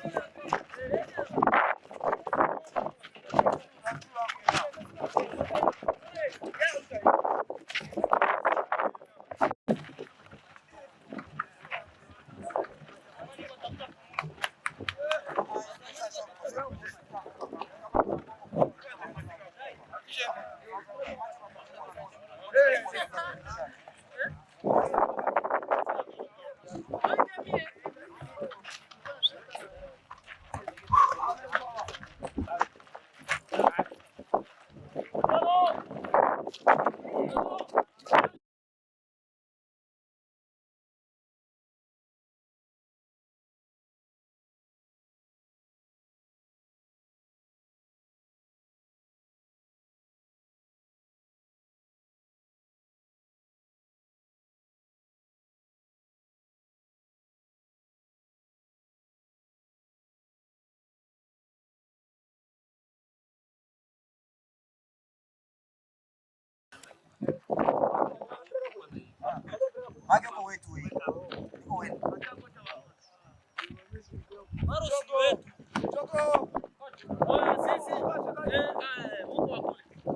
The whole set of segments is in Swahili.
Thank you.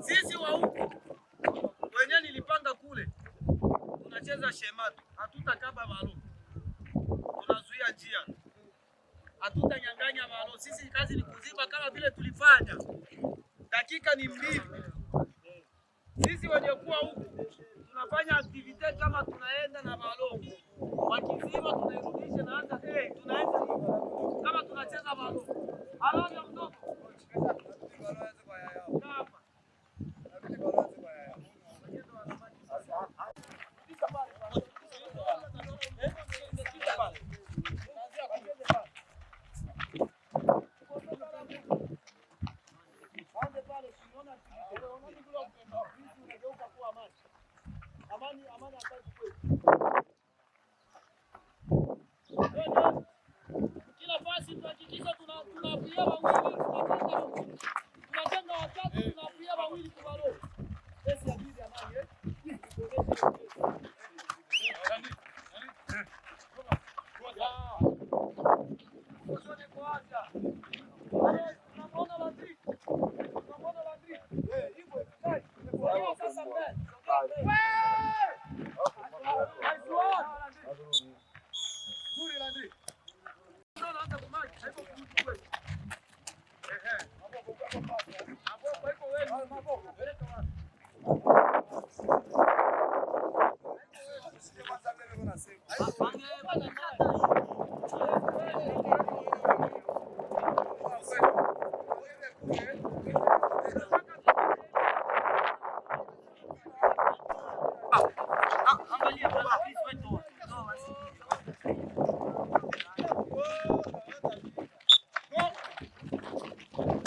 Sisi wa huku wenyewe nilipanga kule, tunacheza shematu, hatutakaba balo, tunazuia njia, hatutanyang'anya balo. Sisi kazi ni kuziba, kama vile tulifanya dakika ni mbili sisi wenye kuwa huku tunafanya aktivite kama Kila pasi tunahakikisha tunapiana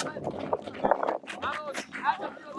I don't know.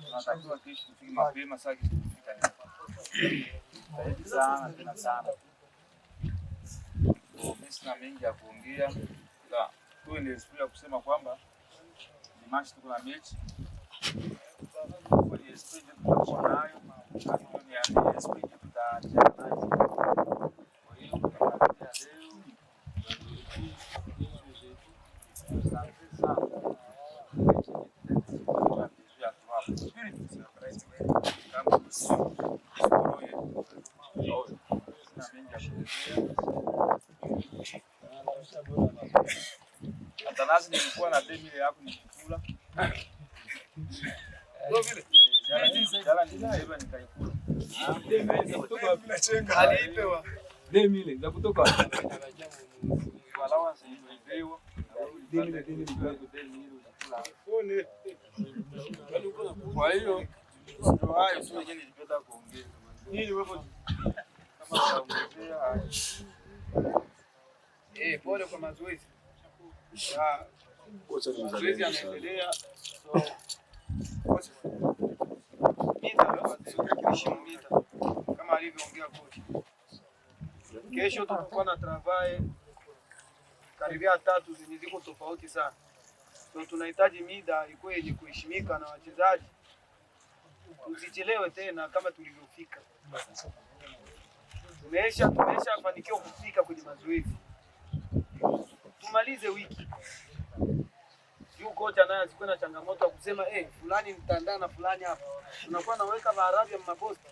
tunatakiwa tuishi tufike mapema saa kitu kufika sana tena sana. Mimi sina mengi ya kuongea, ila huyu ni siku ya kusema kwamba Dimashi tuko na mechi kwenye spidi, tutakuwa nayo atuoniambie spidi tutachana nayo. Kwa hiyo tutaanzia leo. Asante sana. Kwa hiyo eh, pole kwa mazoezi. Ah, kama alivyoongea kocha. Kesho tutakuwa na travae karibia tatu zenye ziko tofauti sana, so tunahitaji mida ikuwe yenye kuheshimika na wachezaji, tusichelewe tena kama tulivyofika. Tumeisha tumeshafanikiwa kufika kwenye mazoezi, tumalize wiki juu kocha naye asikuwe na changamoto ya kusema eh, fulani mtandaa na fulani hapa. Unakuwa naweka maarabu ya mabosta.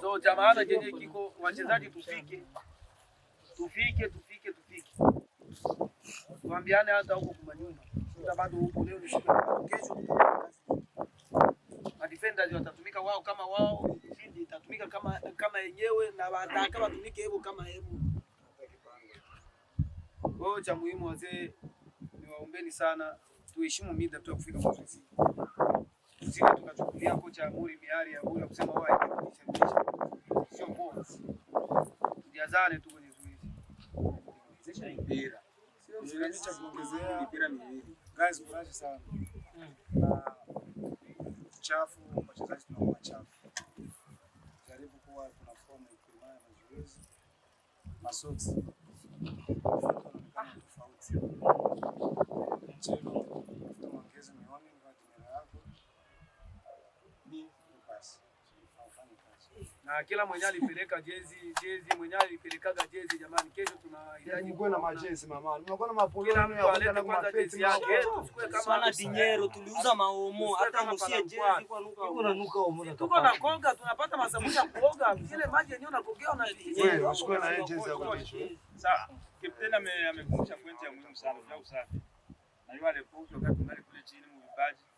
So jamaa maana kiko wachezaji, tufike tufike tufike tufike, tuambiane hata huko kwa nyumba, bado huko leo ni shida. kesho, madefenders watatumika wao kama wao, itatumika kama kama yenyewe, na wataka watumike hivyo kama hivyo. Kwa hiyo cha muhimu wazee, niwaombeni sana tuheshimu mida tu tutakufika mazoezini, usije tukachukulia kocha Amuri Miali ya bora kusema wao haijafundisha, sio bora. Tujazane tu kwenye zoezi, zesha mpira, sio zoezi cha kuongezea mpira miwili. Guys, mnaje sana na chafu, wachezaji tunakuwa machafu, jaribu kuwa kuna form ya mazoezi masoksi 是个大房子，进入。na kila mwenye alipeleka jezi jezi, mwenye alipelekaga jezi. Jamani, kesho tunahitaji yaani kuwe na majezi mama, tunakuwa na mapoleo na kwanza kwanza jezi yake, tusikue kama sana dinero Tuliuza maomo hata msie jezi kwa nuka huko na nuka huko, tuko na koga tunapata masabuni ya kuoga, kile maji yenyewe na kogea na dinero wewe, usikue na jezi yako kesho. Sawa, kapteni ame amekumbusha pointi ya muhimu sana ndio usafi, na yule alipokuja wakati mbali kule chini mbaji